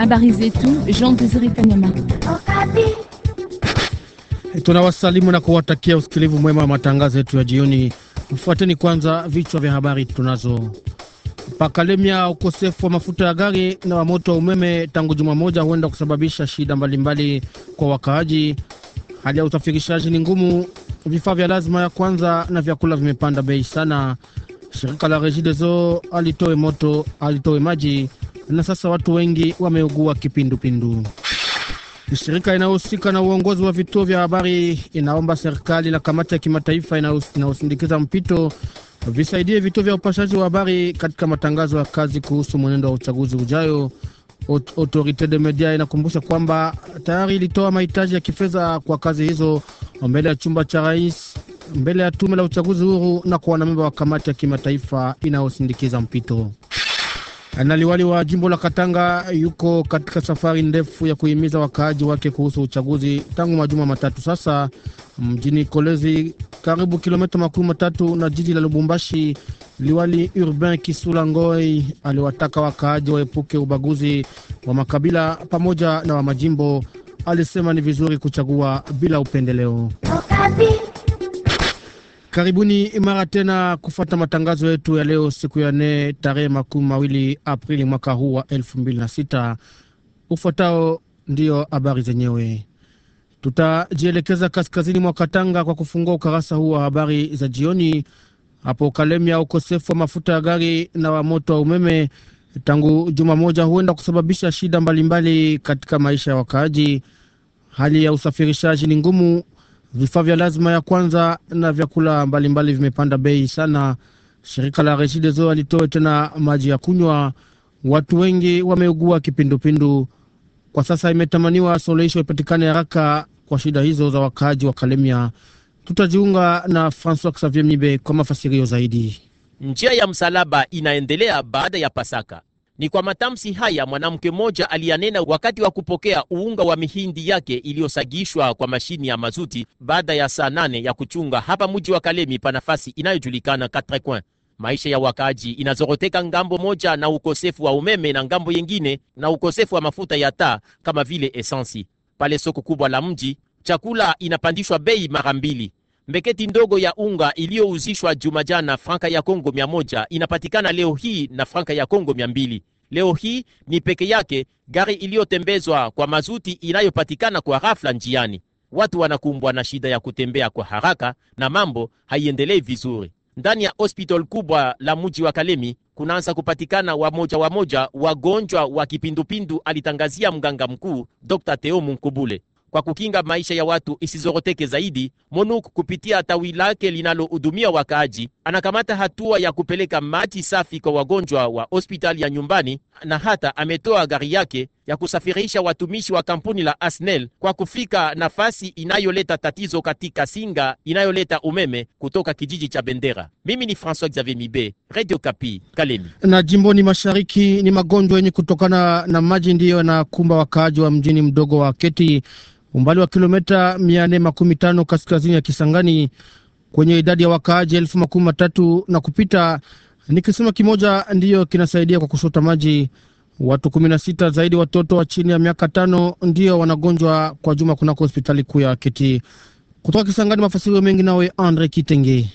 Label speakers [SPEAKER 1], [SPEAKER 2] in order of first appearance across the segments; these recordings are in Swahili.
[SPEAKER 1] Habari tu Jean Desire Kanyama.
[SPEAKER 2] Tunawasalimu na kuwatakia usikilivu mwema wa matangazo yetu ya jioni. Mfuateni kwanza vichwa vya habari tunazo. Pakalemia, ukosefu wa mafuta ya gari na wa moto wa umeme tangu juma moja huenda kusababisha shida mbalimbali mbali kwa wakaaji. Hali ya usafirishaji ni ngumu, vifaa vya lazima ya kwanza na vyakula vimepanda bei sana. Shirika la Regideso alitoe moto alitoe maji na sasa watu wengi wameugua kipindupindu. Shirika inayohusika na uongozi wa vituo vya habari inaomba serikali na kamati ya kimataifa inayosindikiza mpito visaidie vituo vya upashaji wa habari katika matangazo ya kazi kuhusu mwenendo wa uchaguzi ujayo. Autorite de Media inakumbusha kwamba tayari ilitoa mahitaji ya kifedha kwa kazi hizo mbele ya chumba cha rais, mbele ya tume la uchaguzi huru na kwa wanamemba wa kamati ya kimataifa inayosindikiza mpito na liwali wa jimbo la Katanga yuko katika safari ndefu ya kuhimiza wakaaji wake kuhusu uchaguzi tangu majuma matatu sasa, mjini Kolezi, karibu kilomita makumi matatu na jiji la Lubumbashi. Liwali Urbain Kisula Ngoi aliwataka wakaaji waepuke ubaguzi wa makabila pamoja na wa majimbo. Alisema ni vizuri kuchagua bila upendeleo Okabi. Karibuni imara tena kufata matangazo yetu ya leo siku ya nne tarehe makumi mawili Aprili mwaka huu wa elfu mbili na sita. Ufuatao ndiyo habari zenyewe. Tutajielekeza kaskazini mwa Katanga kwa kufungua ukarasa huu wa habari za jioni. Hapo Kalemia, ukosefu wa mafuta ya gari na wa moto wa umeme tangu juma moja huenda kusababisha shida mbalimbali mbali katika maisha ya wakaaji. Hali ya usafirishaji ni ngumu Vifaa vya lazima ya kwanza na vyakula mbalimbali mbali vimepanda bei sana. Shirika la Regideso alitoa tena maji ya kunywa. Watu wengi wameugua kipindupindu. Kwa sasa imetamaniwa suluhisho ipatikane haraka kwa shida hizo za wakaaji wa Kalemia. Tutajiunga na Francois Xavier Mibe kwa mafasirio zaidi.
[SPEAKER 3] Njia ya msalaba inaendelea baada ya Pasaka. Ni kwa matamsi haya mwanamke mmoja aliyanena wakati wa kupokea uunga wa mihindi yake iliyosagishwa kwa mashini ya mazuti baada ya saa nane ya kuchunga hapa mji wa Kalemi pa nafasi inayojulikana Quatre Coins. Maisha ya wakaaji inazoroteka ngambo moja na ukosefu wa umeme na ngambo yengine na ukosefu wa mafuta ya taa kama vile esansi. Pale soko kubwa la mji chakula inapandishwa bei mara mbili. Mbeketi ndogo ya unga iliyouzishwa jumajana franka ya Kongo mia moja inapatikana leo hii na franka ya Kongo mia mbili. Leo hii ni peke yake gari iliyotembezwa kwa mazuti inayopatikana kwa ghafla njiani. Watu wanakumbwa na shida ya kutembea kwa haraka na mambo haiendelei vizuri. Ndani ya hospital kubwa la mji wa Kalemi kunaanza kupatikana wamoja wamoja wagonjwa wa kipindupindu, alitangazia mganga mkuu Dr. Theo Munkubule kwa kukinga maisha ya watu isizoroteke zaidi, MONUC kupitia tawi lake linalohudumia wakaaji anakamata hatua ya kupeleka maji safi kwa wagonjwa wa hospitali ya nyumbani, na hata ametoa gari yake ya kusafirisha watumishi wa kampuni la Asnel kwa kufika nafasi inayoleta tatizo katika singa inayoleta umeme kutoka kijiji cha Bendera. Mimi ni François Xavier Mibe, Radio Kapi, Kalemi.
[SPEAKER 2] Na jimboni mashariki ni magonjwa yenye kutokana na maji ndiyo na kumba wakaaji wa mjini mdogo wa Keti umbali wa kilomita 415 kaskazini ya Kisangani, kwenye idadi ya wakaaji elfu makumi matatu na kupita. Ni kisima kimoja ndiyo kinasaidia kwa kusota maji. Watu kumi na zaidi watoto wa chini ya miaka tano ndiyo wanagonjwa kwa juma kunako hospitali kuu ya Kiti. Kutoka Kisangani, mafasirio mengi nawe Andre Kitenge.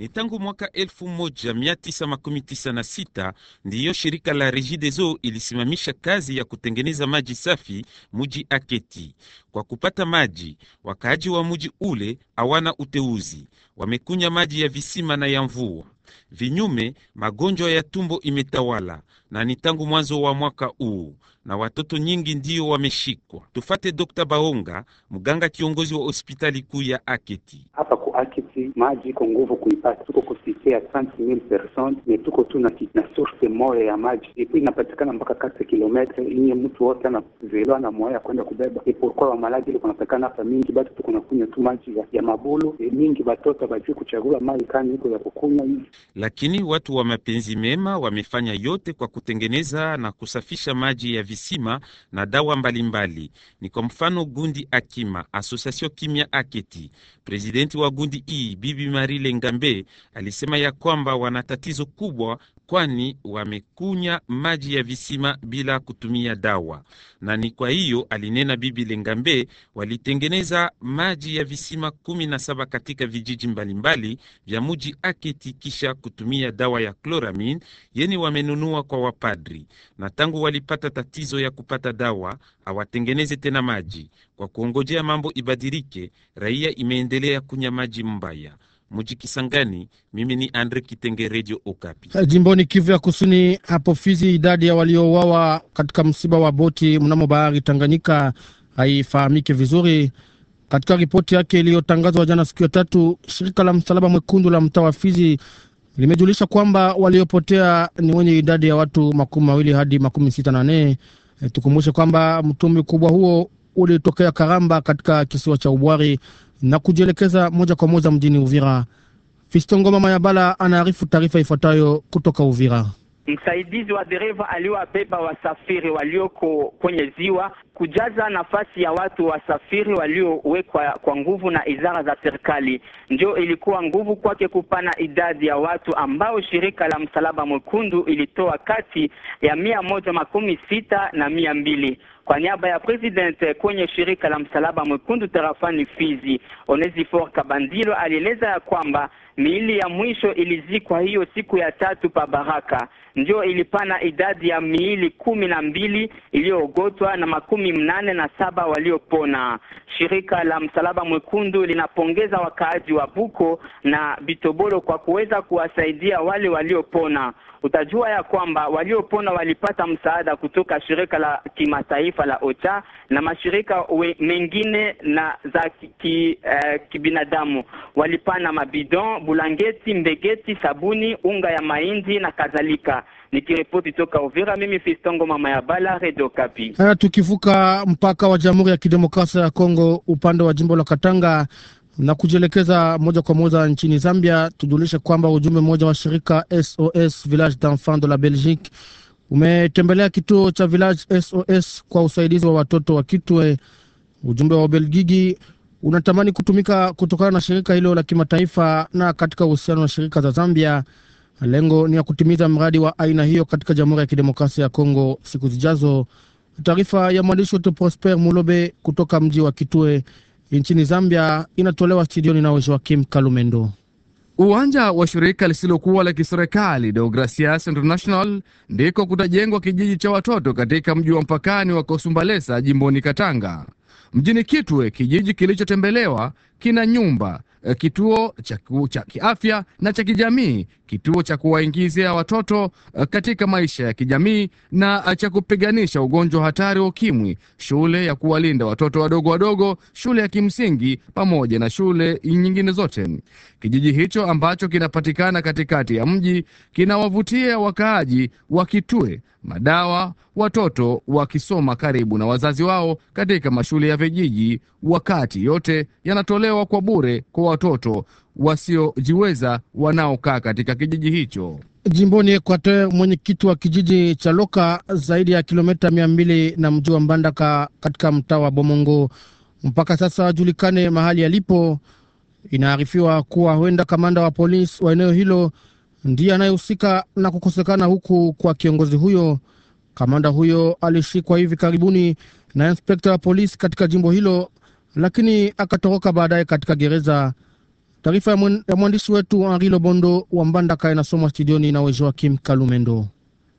[SPEAKER 4] Ni tangu mwaka 1996 ndiyo shirika la Regideso ilisimamisha kazi ya kutengeneza maji safi muji Aketi. Kwa kupata maji, wakaaji wa muji ule hawana uteuzi, wamekunya maji ya visima na ya mvua. Vinyume, magonjwa ya tumbo imetawala na ni tangu mwanzo wa mwaka huu, na watoto nyingi ndiyo wameshikwa. Tufate Dr. Baonga, mganga kiongozi wa hospitali kuu ya Aketi. Hapa akisi maji kwa nguvu kuipata, tuko kusikia mil person ne tuko tu na na source moya ya maji ipo inapatikana mpaka kati kilometre inye mtu wote anazelewa na moya ya kwenda kubeba ipokuwa wa malaji ile kunapatikana hapa mingi, batu tuko na kunywa tu maji ya, ya mabulu e, mingi batoto bajui kuchagua maji kani iko ya kukunywa hivi. Lakini watu wa mapenzi mema wamefanya yote kwa kutengeneza na kusafisha maji ya visima na dawa mbalimbali mbali. Ni kwa mfano gundi Akima Association Kimya Aketi, presidenti wa gundi kundi hii, e. Bibi Marie Lengambe alisema ya kwamba wana tatizo kubwa kwani wamekunya maji ya visima bila kutumia dawa. Na ni kwa hiyo, alinena Bibi Lengambe, walitengeneza maji ya visima kumi na saba katika vijiji mbalimbali vya muji Aketi kisha kutumia dawa ya kloramin yeni wamenunua kwa wapadri, na tangu walipata tatizo ya kupata dawa hawatengeneze tena maji. Kwa kuongojea mambo ibadilike, raia imeendelea kunya maji mbaya. Mujikisangani, mimi ni Andre Kitenge, Radio Okapi.
[SPEAKER 2] Jimboni Kivu ya Kusini, hapo Fizi, idadi ya waliouawa katika msiba wa boti mnamo bahari Tanganyika haifahamike vizuri. Katika ripoti yake iliyotangazwa jana siku ya tatu, shirika la Msalaba Mwekundu la mtaa wa Fizi limejulisha kwamba waliopotea ni wenye idadi ya watu makumi mawili hadi makumi sita na nne. Tukumbushe kwamba mtumbi kubwa huo ulitokea Karamba katika kisiwa cha Ubwari na kujielekeza moja kwa moja mjini Uvira. Fistongoma Bala anaarifu taarifa ifuatayo kutoka Uvira.
[SPEAKER 1] Msaidizi wa dereva aliwabeba wasafiri walioko kwenye ziwa kujaza nafasi ya watu wasafiri waliowekwa kwa nguvu na idara za serikali. Ndio ilikuwa nguvu kwake kupana idadi ya watu ambao shirika la Msalaba Mwekundu ilitoa kati ya mia moja makumi sita na mia mbili kwa niaba ya president kwenye shirika la Msalaba Mwekundu tarafani Fizi, Onesifor Kabandilo alieleza ya kwamba miili ya mwisho ilizikwa hiyo siku ya tatu pa Baraka, ndio ilipana idadi ya miili kumi na mbili iliyoogotwa na makumi ni mnane na saba waliopona. Shirika la Msalaba Mwekundu linapongeza wakaaji wa Buko na Bitobolo kwa kuweza kuwasaidia wale waliopona. Utajua ya kwamba waliopona walipata msaada kutoka shirika la kimataifa la OCHA na mashirika we, mengine na za Ki, eh, kibinadamu. walipana mabidon, bulangeti, mbegeti, sabuni, unga ya mahindi na kadhalika. Nikiripoti toka Uvira, mimi Fistongo mama ya Bala, Redio Kapi.
[SPEAKER 2] Haya, tukivuka mpaka wa Jamhuri ya Kidemokrasia ya Kongo upande wa jimbo la Katanga na kujielekeza moja kwa moja nchini Zambia, tujulishe kwamba ujumbe mmoja wa shirika SOS Village d'Enfants de la Belgique umetembelea kituo cha Village SOS kwa usaidizi wa watoto wa Kitwe. Ujumbe wa Ubelgiji unatamani kutumika kutokana na shirika hilo la kimataifa na katika uhusiano na shirika za Zambia. Lengo ni ya kutimiza mradi wa aina hiyo katika Jamhuri ya Kidemokrasia ya Kongo siku zijazo. Taarifa ya mwandishi wetu Prosper Mulobe kutoka mji wa Kitwe nchini Zambia inatolewa studioni na Joakim Kalumendo.
[SPEAKER 5] Uwanja wa shirika lisilokuwa la kiserikali Deogracias International ndiko kutajengwa kijiji cha watoto katika mji wa mpakani wa Kosumbalesa jimboni Katanga. Mjini Kitwe, kijiji kilichotembelewa kina nyumba Eh, kituo cha cha kiafya na cha kijamii, kituo cha kuwaingizia watoto eh, katika maisha ya kijamii na eh, cha kupiganisha ugonjwa hatari wa ukimwi, shule ya kuwalinda watoto wadogo wadogo, shule ya kimsingi pamoja na shule nyingine zote. Kijiji hicho ambacho kinapatikana katikati ya mji kinawavutia wakaaji wa kitue madawa, watoto wakisoma karibu na wazazi wao katika mashule ya vijiji, wakati yote yanatolewa kwa bure kwa watoto wasiojiweza wanaokaa katika kijiji hicho.
[SPEAKER 2] Jimboni Ekwate, mwenyekiti wa kijiji cha Loka, zaidi ya kilomita mia mbili na mji wa Mbandaka katika mtaa wa Bomongo, mpaka sasa ajulikane mahali yalipo. Inaarifiwa kuwa huenda kamanda wa polisi wa eneo hilo ndiye anayehusika na kukosekana huku kwa kiongozi huyo. Kamanda huyo alishikwa hivi karibuni na inspekta wa polisi katika jimbo hilo, lakini akatoroka baadaye katika gereza. Taarifa ya mwandishi wetu Henri Lobondo wa Mbandaka inasomwa studioni na Wejoakim Kalumendo.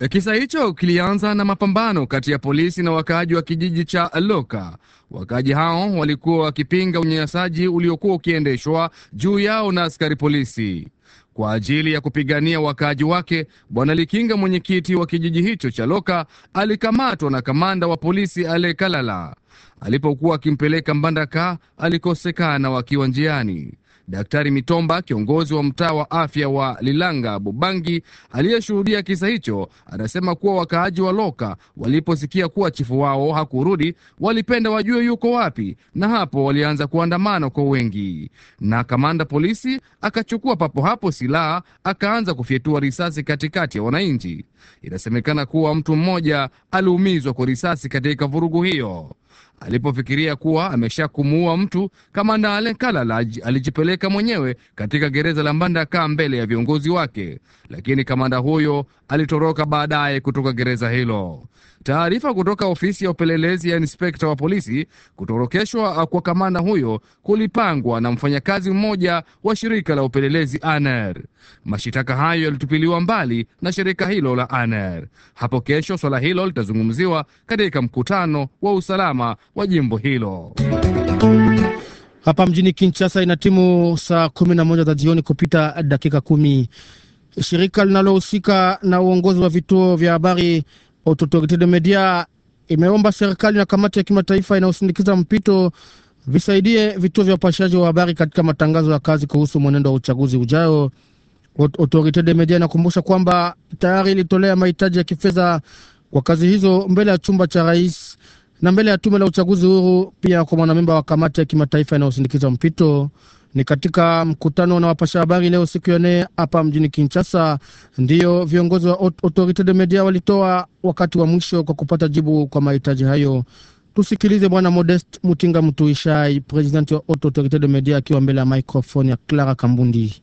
[SPEAKER 5] E, kisa hicho kilianza na mapambano kati ya polisi na wakaaji wa kijiji cha Loka. Wakaaji hao walikuwa wakipinga unyanyasaji uliokuwa ukiendeshwa juu yao na askari polisi kwa ajili ya kupigania wakaaji wake. Bwana Likinga, mwenyekiti wa kijiji hicho cha Loka, alikamatwa na kamanda wa polisi alekalala alipokuwa akimpeleka Mbandaka, alikosekana wakiwa njiani. Daktari Mitomba, kiongozi wa mtaa wa afya wa Lilanga Bubangi, aliyeshuhudia kisa hicho, anasema kuwa wakaaji wa Loka waliposikia kuwa chifu wao hakurudi, walipenda wajue yuko wapi, na hapo walianza kuandamana kwa wengi, na kamanda polisi akachukua papo hapo silaha akaanza kufyetua risasi katikati ya wananchi. Inasemekana kuwa mtu mmoja aliumizwa kwa risasi katika vurugu hiyo. Alipofikiria kuwa ameshakumuua mtu, kamanda Alen Kalala alijipeleka mwenyewe katika gereza la Mbandaka mbele ya viongozi wake, lakini kamanda huyo alitoroka baadaye kutoka gereza hilo. Taarifa kutoka ofisi ya upelelezi ya inspekta wa polisi kutorokeshwa kwa kamanda huyo kulipangwa na mfanyakazi mmoja wa shirika la upelelezi ANER. Mashitaka hayo yalitupiliwa mbali na shirika hilo la ANER. Hapo kesho swala hilo litazungumziwa katika mkutano wa usalama wa jimbo hilo.
[SPEAKER 2] Hapa mjini Kinshasa ina timu saa kumi na moja za jioni kupita dakika kumi. Shirika linalohusika na uongozi wa vituo vya habari Autorité de Media imeomba serikali na kamati ya kimataifa inayosindikiza mpito visaidie vituo vya upashaji wa habari katika matangazo ya kazi kuhusu mwenendo wa uchaguzi ujao. Autorité de Media inakumbusha kwamba tayari ilitolea mahitaji ya kifedha kwa kazi hizo mbele ya chumba cha rais na mbele ya tume la uchaguzi huru, pia kwa mwanamemba wa kamati ya kimataifa inayosindikiza mpito. Ni katika mkutano na wapasha habari leo siku ya nne hapa mjini Kinshasa, ndiyo viongozi wa Autorite de Media walitoa wakati wa mwisho kwa kupata jibu kwa mahitaji hayo. Tusikilize Bwana Modest Mutinga Mtuishai, presidenti wa Autorite de Media, akiwa mbele ya maikrofoni ya Clara Kambundi.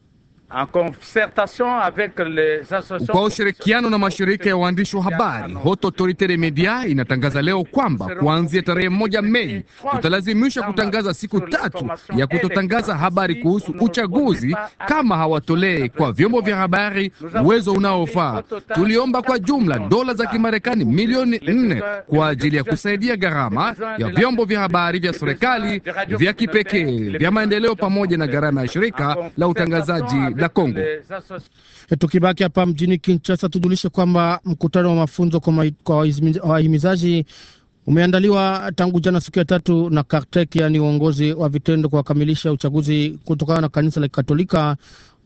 [SPEAKER 5] Kwa ushirikiano na mashirika ya waandishi wa habari, Haute Autorite des Media inatangaza leo kwamba kuanzia tarehe moja Mei tutalazimisha kutangaza siku tatu ya kutotangaza habari kuhusu uchaguzi kama hawatolee kwa vyombo vya habari uwezo unaofaa. Tuliomba kwa jumla dola za Kimarekani milioni nne kwa ajili ya kusaidia gharama ya vyombo vya habari vya serikali vya kipekee vya maendeleo pamoja na gharama ya shirika la utangazaji la Kongo. E, tukibaki hapa mjini
[SPEAKER 2] Kinshasa, tujulishe kwamba mkutano wa mafunzo kwa wahimizaji umeandaliwa tangu jana siku ya tatu na Kartek, yaani uongozi wa vitendo kwa kukamilisha uchaguzi kutokana na kanisa la Kikatolika.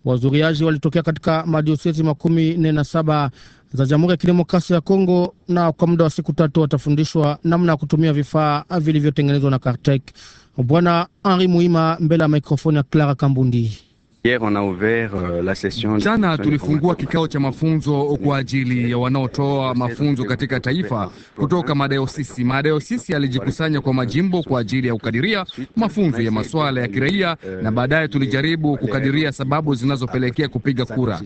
[SPEAKER 2] Wazuriaji walitokea katika madiosezi makumi nne na saba za Jamhuri ya Kidemokrasia ya Kongo, na kwa muda wa siku tatu watafundishwa namna ya kutumia vifaa vilivyotengenezwa na Kartek. Bwana Henri Muima mbele ya mikrofoni ya Clara Kambundi.
[SPEAKER 5] Euh, Jana tulifungua kikao cha mafunzo kwa ajili ya wanaotoa mafunzo katika taifa kutoka madayosisi. Madayosisi alijikusanya kwa majimbo kwa ajili ya kukadiria mafunzo ya masuala ya kiraia, euh, na baadaye tulijaribu kukadiria sababu zinazopelekea kupiga kura.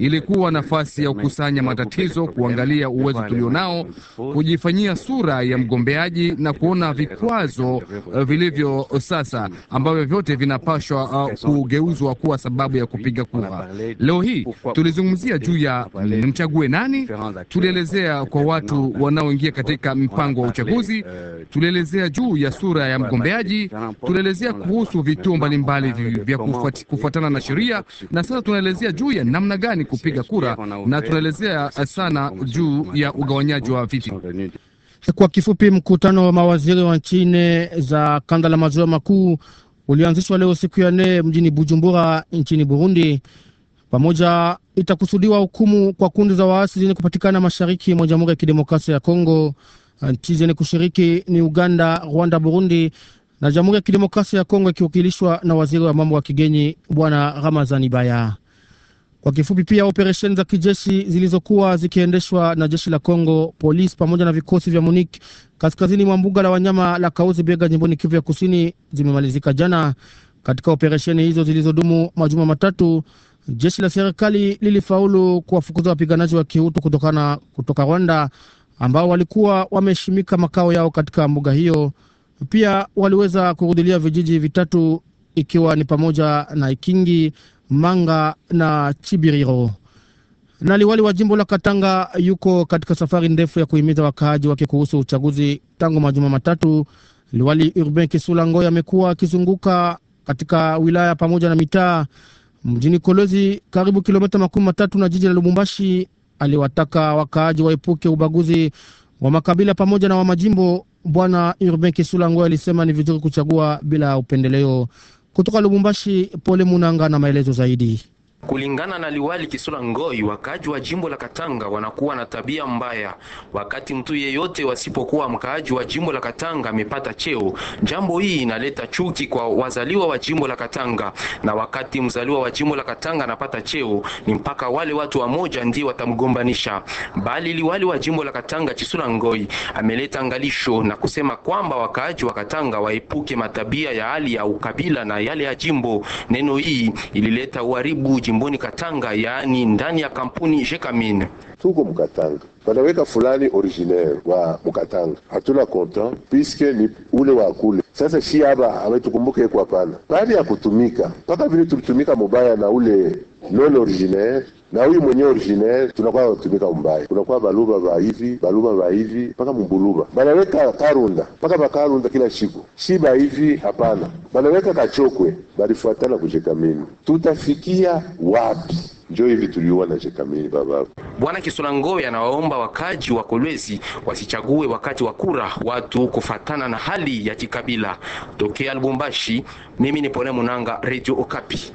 [SPEAKER 5] Ilikuwa euh, nafasi ya kukusanya matatizo, kuangalia uwezo tulionao, kujifanyia sura ya mgombeaji na kuona vikwazo vilivyo sasa ambavyo vyote vinapashwa uh, kugeuzwa kuwa sababu ya kupiga kura. Leo hii tulizungumzia juu ya nimchague nani, tulielezea kwa watu wanaoingia katika mpango wa uchaguzi, euh, tulielezea juu ya sura ya mgombeaji, tulielezea kuhusu vituo mbalimbali vya kufuatana na sheria, na sasa tunaelezea juu ya namna gani kupiga kura na tunaelezea sana juu ya ugawanyaji wa viti.
[SPEAKER 2] Kwa kifupi, mkutano wa mawaziri wa nchi nne za kanda la maziwa makuu ulioanzishwa leo siku ya nne mjini Bujumbura nchini Burundi. Pamoja itakusudiwa hukumu kwa kundi za waasi zenye kupatikana mashariki mwa Jamhuri ya Kidemokrasia ya Kongo. Nchi zenye kushiriki ni Uganda, Rwanda, Burundi na Jamhuri ya Kidemokrasia ya Kongo ikiwakilishwa na waziri wa mambo ya kigeni Bwana Ramazani Baya. Kwa kifupi pia, operesheni za kijeshi zilizokuwa zikiendeshwa na jeshi la Kongo, polisi pamoja na vikosi vya MONUC kaskazini mwa mbuga la wanyama la Kauzi Biega jimboni Kivu ya Kusini zimemalizika jana. Katika operesheni hizo zilizodumu majuma matatu, jeshi la serikali lilifaulu kuwafukuza wapiganaji wa kihutu kutokana kutoka Rwanda ambao walikuwa wameshimika makao yao katika mbuga hiyo. Pia waliweza kurudilia vijiji vitatu ikiwa ni pamoja na Ikingi Manga na Chibiriro. Na liwali wa jimbo la Katanga yuko katika safari ndefu ya kuhimiza wakaaji wake kuhusu uchaguzi tangu majuma matatu. Liwali Urbain Kisula Ngoi amekuwa akizunguka katika wilaya pamoja na mitaa mjini Kolwezi, karibu kilomita makumi matatu na jiji la Lubumbashi. Aliwataka wakaaji waepuke ubaguzi wa makabila pamoja na wa majimbo. Bwana Urbain Kisula Ngoi alisema ni vizuri kuchagua bila upendeleo. Kutoka Lubumbashi, Pole Munanga na maelezo zaidi. Kulingana na Liwali Kisula Ngoi, wakaaji wa jimbo la Katanga wanakuwa na tabia mbaya. Wakati mtu yeyote wasipokuwa mkaaji wa jimbo la Katanga amepata cheo, jambo hii inaleta chuki kwa wazaliwa wa jimbo la Katanga, na wakati mzaliwa wa jimbo la Katanga anapata cheo, ni mpaka wale watu wamoja ndio watamgombanisha. Bali liwali wa jimbo la Katanga Chisula Ngoi ameleta angalisho na kusema kwamba wakaaji wa Katanga waepuke matabia ya hali ya ukabila na yale ya jimbo. Neno hii ilileta uharibu jimboni Katanga, yaani ndani ya kampuni Jekamine. Tuko Mkatanga wanaweka fulani originaire wa Mukatanga, hatuna content piske ni ule wa kule. Sasa shi hapa ametukumbuke kwa hapana, baada ya kutumika mpaka vile tulitumika mubaya na ule non originaire na huyu mwenye originaire tunakuwa watumika mbaya, kunakuwa baluba ba hivi baluba ba hivi mpaka mbuluba banaweka karunda mpaka bakarunda kila siku si ba hivi hapana, banaweka kachokwe balifuatana kujekamini, tutafikia wapi? Njo hivi tuliona jekamili baba
[SPEAKER 4] Bwana Kisula anawaomba wakaji wa Kolwezi wasichague wakati wa kura watu
[SPEAKER 2] kufatana na hali ya kikabila. Tokea Lubumbashi, mimi ni Pone Munanga,
[SPEAKER 3] Radio Okapi.